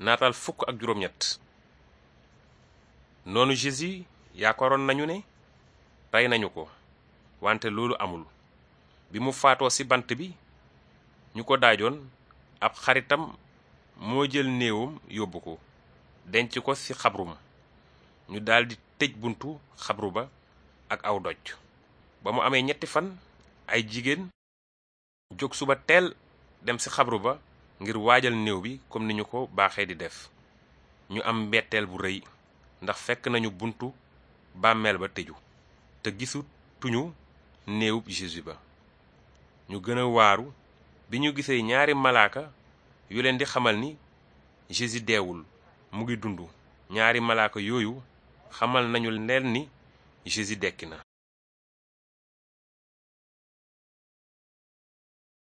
naataal fukk ak juróom-ñett noonu Jésus yaakaaroon nañu ne rey nañu ko wante loolu amul bi mu faatoo ci bant bi ñu ko daajoon ab xaritam moo jël néewam yóbbu ko denc ko ci xabrum ñu daldi tëj buntu xabru ba ak aw doj ba mu amee ñetti fan ay jigéen jóg suba teel dem ci xabru ba ngir waajal néew bi comme ni ñu ko baaxee di def ñu am mbetteel bu rëy ndax fekk nañu buntu bàmmeel ba tëju te gisu tuñu néewub Jésus ba ñu gën a waaru bi ñu gisee ñaari malaaka yu leen di xamal ni Jésus deewul mu ngi dund ñaari malaaka yooyu xamal nañu leen ni Jésus dekki na